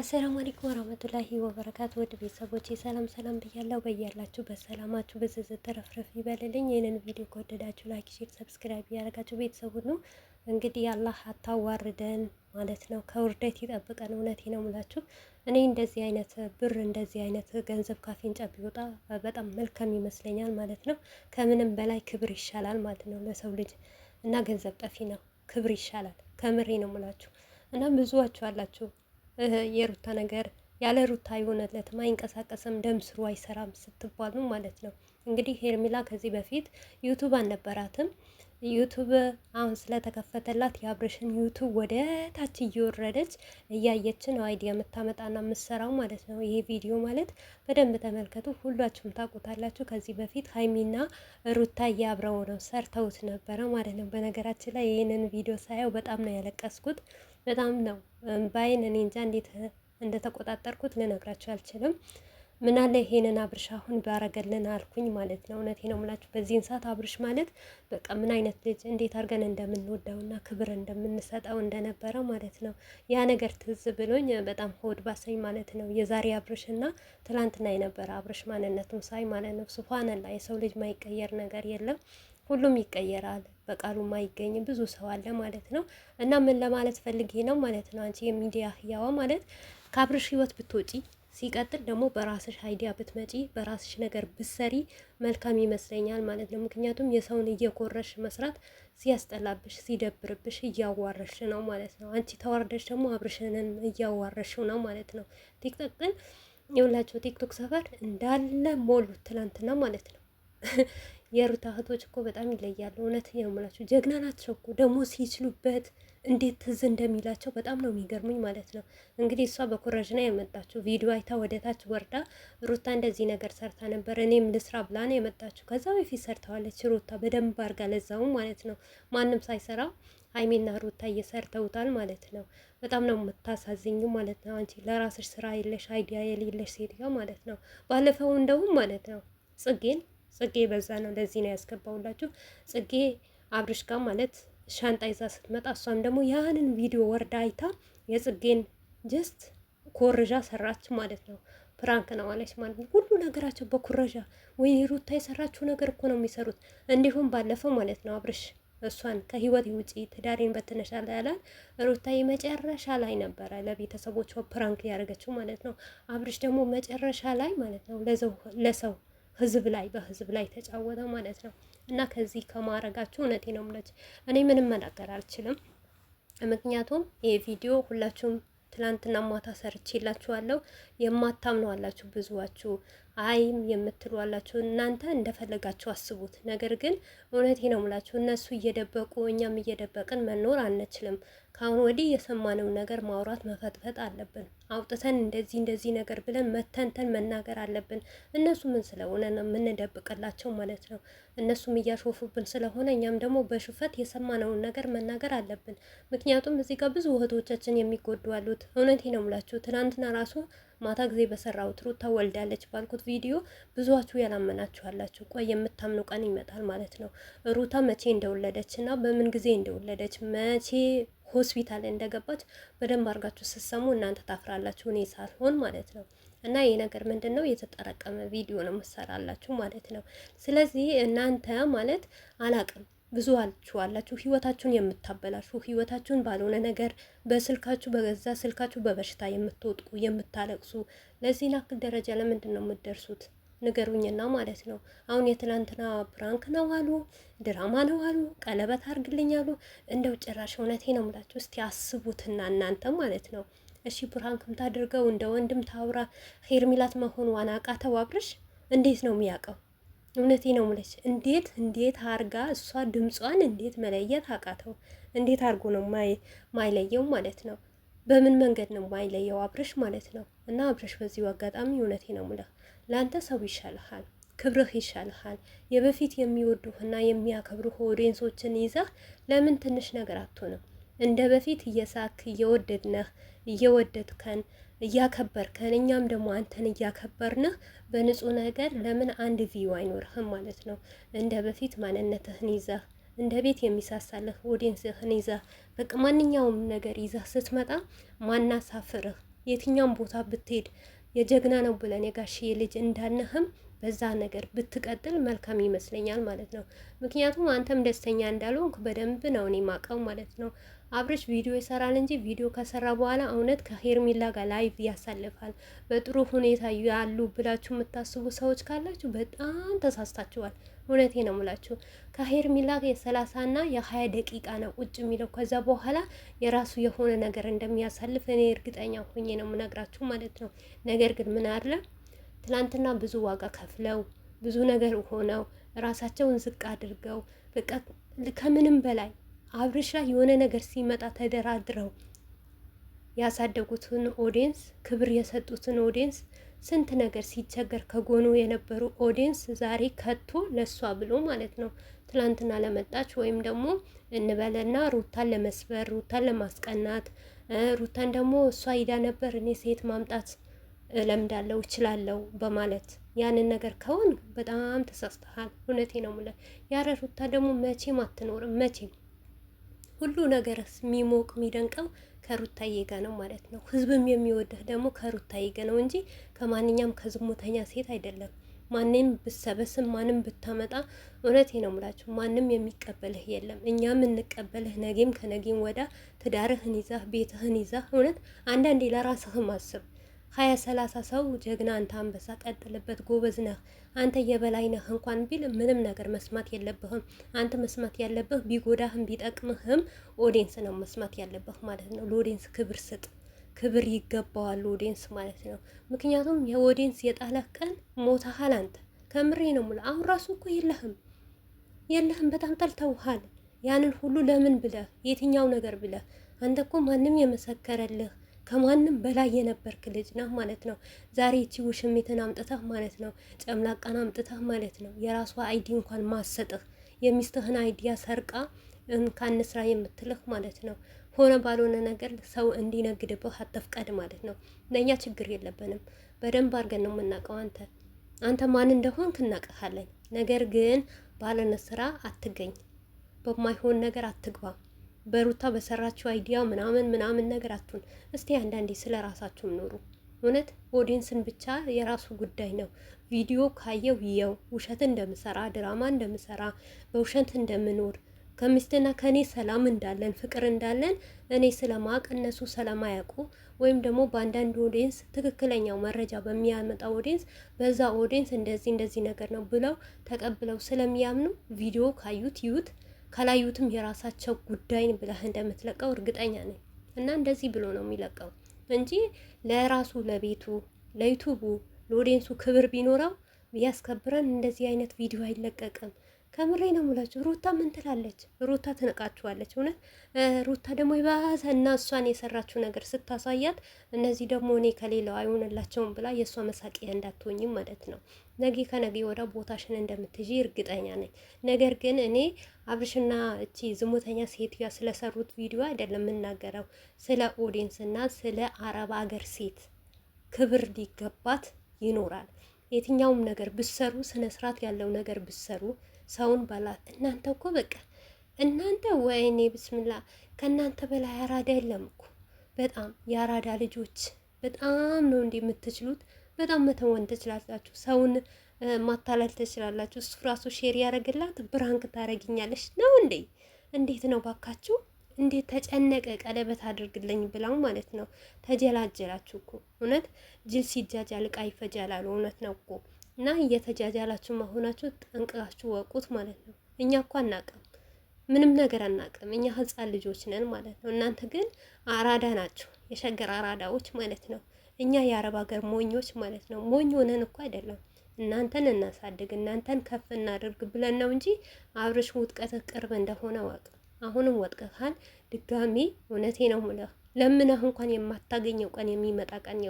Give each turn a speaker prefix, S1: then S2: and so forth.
S1: አሰላሙ አለይኩም ወራህመቱላሂ ወበረካቱ ወደ ቤተሰቦቼ ሰላም ሰላም ብያለሁ። በያላችሁበት በሰላማችሁ በዝዝት ተረፍረፍ ይበልልኝ። ይህንን ቪዲዮ ከወደዳችሁ ላይክ፣ ሼር፣ ሰብስክራይብ እያደረጋችሁ ቤተሰብ ሁሉ እንግዲህ አላህ አታዋርደን ማለት ነው፣ ከውርደት ይጠብቀን። እውነቴ ነው ምላችሁ። እኔ እንደዚህ አይነት ብር እንደዚህ አይነት ገንዘብ ካፌን ቢወጣ በጣም መልካም ይመስለኛል ማለት ነው። ከምንም በላይ ክብር ይሻላል ማለት ነው ለሰው ልጅ እና ገንዘብ ጠፊ ነው። ክብር ይሻላል። ከምሬ ነው ምላችሁ እና ብዙዋችሁ አላችሁ የሩታ ነገር ያለ ሩታ አይሆነለትም፣ አይንቀሳቀስም፣ ደም ስሩ አይሰራም ስትባሉ ማለት ነው። እንግዲህ ሄርሚላ ከዚህ በፊት ዩቱብ አልነበራትም። ዩቱብ አሁን ስለተከፈተላት የአብርሽን ዩቱብ ወደ ታች እየወረደች እያየች ነው አይዲያ የምታመጣና የምትሰራው ማለት ነው። ይሄ ቪዲዮ ማለት በደንብ ተመልከቱ፣ ሁላችሁም ታውቁታላችሁ። ከዚህ በፊት ሀይሚና ሩታ እያብረው ነው ሰርተውት ነበረ ማለት ነው። በነገራችን ላይ ይህንን ቪዲዮ ሳየው በጣም ነው ያለቀስኩት። በጣም ነው ባይን እኔ እንጃ እንዴት እንደተቆጣጠርኩት ልነግራቸው አልችልም። ምናለ ይሄንን አብርሽ አሁን ባረገልን አልኩኝ ማለት ነው። እውነቴ ነው የምላችሁ በዚህን ሰዓት አብርሽ ማለት በቃ ምን አይነት ልጅ እንዴት አድርገን እንደምንወደውና ክብር እንደምንሰጠው እንደነበረ ማለት ነው። ያ ነገር ትዝ ብሎኝ በጣም ሆድ ባሰኝ ማለት ነው። የዛሬ አብርሽና ትላንትና የነበረ አብርሽ ማንነቱን ሳይ ማለት ነው። ሱፋነላ የሰው ልጅ ማይቀየር ነገር የለም። ሁሉም ይቀየራል። በቃሉ ማይገኝ ብዙ ሰው አለ ማለት ነው። እና ምን ለማለት ፈልጌ ነው ማለት ነው አንቺ የሚዲያ ህያዋ ማለት ከአብርሽ ህይወት ብትወጪ ሲቀጥል ደግሞ በራስሽ አይዲያ ብትመጪ በራስሽ ነገር ብትሰሪ መልካም ይመስለኛል ማለት ነው። ምክንያቱም የሰውን እየኮረሽ መስራት ሲያስጠላብሽ፣ ሲደብርብሽ እያዋረሽ ነው ማለት ነው። አንቺ ተዋርደሽ ደግሞ አብርሽንን እያዋረሽው ነው ማለት ነው። ቲክቶክ ግን የሁላቸው ቲክቶክ ሰፈር እንዳለ ሞሉት ትላንትና ማለት ነው። የሩታ እህቶች እኮ በጣም ይለያሉ። እውነት ነው የምላቸው ጀግና ናቸው እኮ ደግሞ ሲችሉበት እንዴት ትዝ እንደሚላቸው በጣም ነው የሚገርሙኝ ማለት ነው። እንግዲህ እሷ በኮረዥና የመጣችው ቪዲዮ አይታ ወደታች ወርዳ ሩታ እንደዚህ ነገር ሰርታ ነበር እኔም ልስራ ብላ ነው የመጣችው። ከዛ በፊት ሰርተዋለች ሩታ በደንብ አርጋ ለዛው ማለት ነው ማንም ሳይሰራ ሀይሜና ሩታ እየሰርተውታል ማለት ነው። በጣም ነው የምታሳዝኙ ማለት ነው። አንቺ ለራስሽ ስራ የለሽ አይዲያ የሌለሽ ሴትዮ ማለት ነው። ባለፈው እንደውም ማለት ነው ጽጌን ጽጌ በዛ ነው ለዚህ ነው ያስገባውላችሁ። ጽጌ አብርሽ ጋር ማለት ሻንጣ ይዛ ስትመጣ እሷም ደግሞ ያንን ቪዲዮ ወርዳ አይታ የጽጌን ጀስት ኮርዣ ሰራች ማለት ነው። ፕራንክ ነው አለች ማለት ነው። ሁሉ ነገራቸው በኩረዣ ወይ ሩታ የሰራችው ነገር እኮ ነው የሚሰሩት። እንዲሁም ባለፈው ማለት ነው አብርሽ እሷን ከህይወት ውጪ ትዳሬን በትነሻል ያላል ሩታ መጨረሻ ላይ ነበረ ለቤተሰቦቿ ፕራንክ ያደረገችው ማለት ነው። አብርሽ ደግሞ መጨረሻ ላይ ማለት ነው ለሰው ህዝብ ላይ በህዝብ ላይ ተጫወተ ማለት ነው። እና ከዚህ ከማረጋችሁ እውነቴ ነው የምላችሁ እኔ ምንም መናገር አልችልም። ምክንያቱም ይህ ቪዲዮ ሁላችሁም ትላንትና ማታ ሰርቼ ላችኋለሁ። የማታምኑ አላችሁ ብዙዋችሁ አይም የምትሉ አላችሁ። እናንተ እንደፈለጋችሁ አስቡት። ነገር ግን እውነቴ ነው የምላችሁ እነሱ እየደበቁ እኛም እየደበቅን መኖር አንችልም። ከአሁን ወዲህ የሰማነው ነገር ማውራት መፈጥፈጥ አለብን። አውጥተን እንደዚህ እንደዚህ ነገር ብለን መተንተን መናገር አለብን። እነሱ ምን ስለሆነ ነው የምንደብቅላቸው ማለት ነው። እነሱም እያሾፉብን ስለሆነ እኛም ደግሞ በሽፈት የሰማነውን ነገር መናገር አለብን። ምክንያቱም እዚህ ጋር ብዙ እህቶቻችን የሚጎዱ አሉት። እውነቴ ነው የምላችሁ ትናንትና ራሱ ማታ ጊዜ በሰራሁት ሩታ ወልዳለች ባልኩት ቪዲዮ ብዙችሁ ያላመናችሁ አላችሁ። ቆይ የምታምኑ ቀን ይመጣል ማለት ነው። ሩታ መቼ እንደወለደች እና በምን ጊዜ እንደወለደች መቼ ሆስፒታል እንደገባች በደንብ አድርጋችሁ ስትሰሙ እናንተ ታፍራላችሁ፣ እኔ ሳልሆን ማለት ነው። እና ይሄ ነገር ምንድን ነው? የተጠረቀመ ቪዲዮ ነው መሰራላችሁ ማለት ነው። ስለዚህ እናንተ ማለት አላቅም ብዙ አላችሁ ህይወታችሁን የምታበላሹ ህይወታችሁን ባልሆነ ነገር በስልካችሁ በገዛ ስልካችሁ በበሽታ የምትወጥቁ የምታለቅሱ ለዚህ ያክል ደረጃ ለምንድን ነው የምትደርሱት? ንገሩኝና ማለት ነው። አሁን የትላንትና ፕራንክ ነው አሉ፣ ድራማ ነው አሉ፣ ቀለበት አርግልኝ አሉ። እንደው ጭራሽ እውነቴ ነው የምላችሁ። እስቲ አስቡትና እናንተ ማለት ነው። እሺ ፕራንክም ታድርገው እንደ ወንድም ታውራ ሄርሚላት መሆኗን አቃተው አብርሽ። እንዴት ነው የሚያውቀው? እውነቴ ነው ምለች። እንዴት እንዴት አርጋ እሷ ድምጿን እንዴት መለየት አቃተው? እንዴት አርጎ ነው ማይለየው ማለት ነው? በምን መንገድ ነው ማይለየው አብረሽ ማለት ነው? እና አብረሽ በዚሁ አጋጣሚ እውነቴ ነው የምልህ ለአንተ ሰው ይሻልሃል፣ ክብርህ ይሻልሃል። የበፊት የሚወዱህና የሚያከብሩህ ኦዲየንሶችን ይዘህ ለምን ትንሽ ነገር አትሆንም? እንደ በፊት እየሳክ እየወደድነህ እየወደድከን እያከበርከን እኛም ደግሞ አንተን እያከበርንህ በንጹህ ነገር ለምን አንድ ቪዩ አይኖርህም ማለት ነው። እንደ በፊት ማንነትህን ይዘህ እንደ ቤት የሚሳሳልህ ኦዲየንስህን ይዘህ በቃ ማንኛውም ነገር ይዘህ ስትመጣ ማናሳፍርህ የትኛውም ቦታ ብትሄድ የጀግና ነው ብለን የጋሽዬ ልጅ እንዳነህም በዛ ነገር ብትቀጥል መልካም ይመስለኛል ማለት ነው። ምክንያቱም አንተም ደስተኛ እንዳልሆንክ በደንብ ነው እኔ ማቀው ማለት ነው። አብርሽ ቪዲዮ ይሰራል እንጂ ቪዲዮ ከሰራ በኋላ እውነት ከሄርሚላ ጋር ላይቭ ያሳልፋል። በጥሩ ሁኔታ ያሉ ብላችሁ የምታስቡ ሰዎች ካላችሁ በጣም ተሳስታችኋል። እውነቴ ነው ከሄርሚላ የሰላሳ የሰላሳና የሀያ ደቂቃ ነው ቁጭ የሚለው። ከዛ በኋላ የራሱ የሆነ ነገር እንደሚያሳልፍ እኔ እርግጠኛ ሆኜ ነው የምነግራችሁ ማለት ነው። ነገር ግን ምን አለ ትላንትና ብዙ ዋጋ ከፍለው ብዙ ነገር ሆነው ራሳቸውን ዝቅ አድርገው በቃ ከምንም በላይ አብርሽ ላይ የሆነ ነገር ሲመጣ ተደራድረው ያሳደጉትን ኦዲየንስ ክብር የሰጡትን ኦዲየንስ ስንት ነገር ሲቸገር ከጎኑ የነበሩ ኦዲየንስ ዛሬ ከቶ ለሷ ብሎ ማለት ነው ትላንትና ለመጣች ወይም ደግሞ እንበለና ሩታን ለመስበር ሩታን ለማስቀናት ሩታን ደግሞ እሷ ሂዳ ነበር እኔ ሴት ማምጣት እለምዳለው እችላለው በማለት ያንን ነገር ከሆን በጣም ተሳስተሃል። እውነቴ ነው የምልህ። ያረ ሩታ ደግሞ መቼም አትኖርም። መቼም ሁሉ ነገር የሚሞቅ የሚደንቀው ከሩታዬ ጋ ነው ማለት ነው። ህዝብም የሚወድህ ደግሞ ከሩታዬ ጋ ነው እንጂ ከማንኛም ከዝሙተኛ ሴት አይደለም። ማንም ብሰበስም ማንም ብታመጣ እውነቴ ነው ምላቸው፣ ማንም የሚቀበልህ የለም። እኛም እንቀበልህ ነጌም ከነጌም ወዳ ትዳርህን ይዛህ ቤትህን ይዛህ እውነት አንዳንዴ ለራስህም አስብ ሀያ ሰላሳ ሰው ጀግና አንተ አንበሳ ቀጥልበት፣ ጎበዝ ነህ አንተ የበላይ ነህ እንኳን ቢል ምንም ነገር መስማት የለብህም። አንተ መስማት ያለብህ ቢጎዳህም ቢጠቅምህም ኦዲንስ ነው መስማት ያለብህ ማለት ነው። ለኦዲንስ ክብር ስጥ፣ ክብር ይገባዋል ኦዲንስ ማለት ነው። ምክንያቱም የኦዲንስ የጣለህ ቀን ሞተሃል አንተ። ከምሬ ነው ሙሉ አሁን ራሱ እኮ የለህም የለህም፣ በጣም ጠልተውሃል። ያንን ሁሉ ለምን ብለህ የትኛው ነገር ብለህ አንተ እኮ ማንም የመሰከረልህ ከማንም በላይ የነበርክ ልጅ ነህ ማለት ነው። ዛሬ እቺ ውሽሚትን አምጥተህ ማለት ነው፣ ጨምላቃን አምጥተህ ማለት ነው፣ የራሷ አይዲ እንኳን ማሰጥህ የሚስትህን አይዲያ ሰርቃ ስራ የምትልህ ማለት ነው። ሆነ ባልሆነ ነገር ሰው እንዲነግድብህ አትፍቀድ ማለት ነው። ለእኛ ችግር የለብንም። በደንብ አድርገን ነው የምናውቀው። አንተ አንተ ማን እንደሆንክ እናውቅሃለን። ነገር ግን ባልሆነ ስራ አትገኝ፣ በማይሆን ነገር አትግባ። በሩታ በሰራችው አይዲያ ምናምን ምናምን ነገር አትሁን። እስቲ አንዳንዴ ስለ ራሳችሁም ኖሩ። እውነት ኦዲንስን ብቻ የራሱ ጉዳይ ነው። ቪዲዮ ካየው ይየው፣ ውሸት እንደምሰራ ድራማ እንደምሰራ በውሸት እንደምኖር ከሚስትና ከእኔ ሰላም እንዳለን ፍቅር እንዳለን እኔ ስለማቅ እነሱ ስለማያውቁ ወይም ደግሞ በአንዳንድ ኦዲንስ ትክክለኛው መረጃ በሚያመጣ ኦዲንስ በዛ ኦዲንስ እንደዚህ እንደዚህ ነገር ነው ብለው ተቀብለው ስለሚያምኑ ቪዲዮ ካዩት ይዩት። ካላዩትም የራሳቸው ጉዳይን ብለህ እንደምትለቀው እርግጠኛ ነኝ። እና እንደዚህ ብሎ ነው የሚለቀው እንጂ ለራሱ ለቤቱ፣ ለዩቱቡ፣ ለኦዲንሱ ክብር ቢኖረው ቢያስከብረን እንደዚህ አይነት ቪዲዮ አይለቀቅም። ከምሬ ነው የምላችሁ። ሩታ ምን ትላለች? ሩታ እውነት ሩታ ደግሞ የባሰ እና እሷን የሰራችው ነገር ስታሳያት እነዚህ ደግሞ እኔ ከሌለው አይሆንላቸውም ብላ የእሷ መሳቂያ እንዳትሆኝም ማለት ነው። ነገ ከነገ ወደ ቦታሽን እንደምትይዢ እርግጠኛ ነኝ። ነገር ግን እኔ አብርሽና እቺ ዝሙተኛ ሴትዮዋ ስለሰሩት ቪዲዮ አይደለም የምናገረው፣ ስለ ኦዲንስና እና ስለ አረብ አገር ሴት ክብር ሊገባት ይኖራል። የትኛውም ነገር ብሰሩ ስነ ስርዓት ያለው ነገር ብሰሩ ሰውን ባላት እናንተ እኮ በቃ እናንተ ወይኔ ብስምላ ከእናንተ በላይ አራዳ የለም እኮ በጣም የአራዳ ልጆች በጣም ነው እንዲህ የምትችሉት። በጣም መተወን ትችላላችሁ ሰውን ማታለል ትችላላችሁ። እሱ ራሱ ሼር ያደረግላት ብራንክ ታደረግኛለች ነው እንዴ? እንዴት ነው ባካችሁ? እንዴት ተጨነቀ ቀለበት አድርግልኝ ብላው ማለት ነው። ተጀላጀላችሁ እኮ እውነት። ጅል ሲጃጃል ዕቃ ይፈጃላሉ። እውነት ነው እኮ እና እየተጃጃላችሁ መሆናችሁ ጠንቅቃችሁ ወቁት ማለት ነው። እኛ እኮ አናቅም፣ ምንም ነገር አናቅም። እኛ ህፃን ልጆች ነን ማለት ነው። እናንተ ግን አራዳ ናችሁ፣ የሸገር አራዳዎች ማለት ነው። እኛ የአረብ ሀገር ሞኞች ማለት ነው። ሞኝ ሆነን እኮ አይደለም እናንተን እናሳድግ፣ እናንተን ከፍ እናደርግ ብለን ነው እንጂ አብርሽ ውጥቀት ቅርብ እንደሆነ ወቅ አሁንም ወጥቀሃል። ድጋሚ እውነቴ ነው ምለህ ለምነህ እንኳን የማታገኘው ቀን የሚመጣ ቀን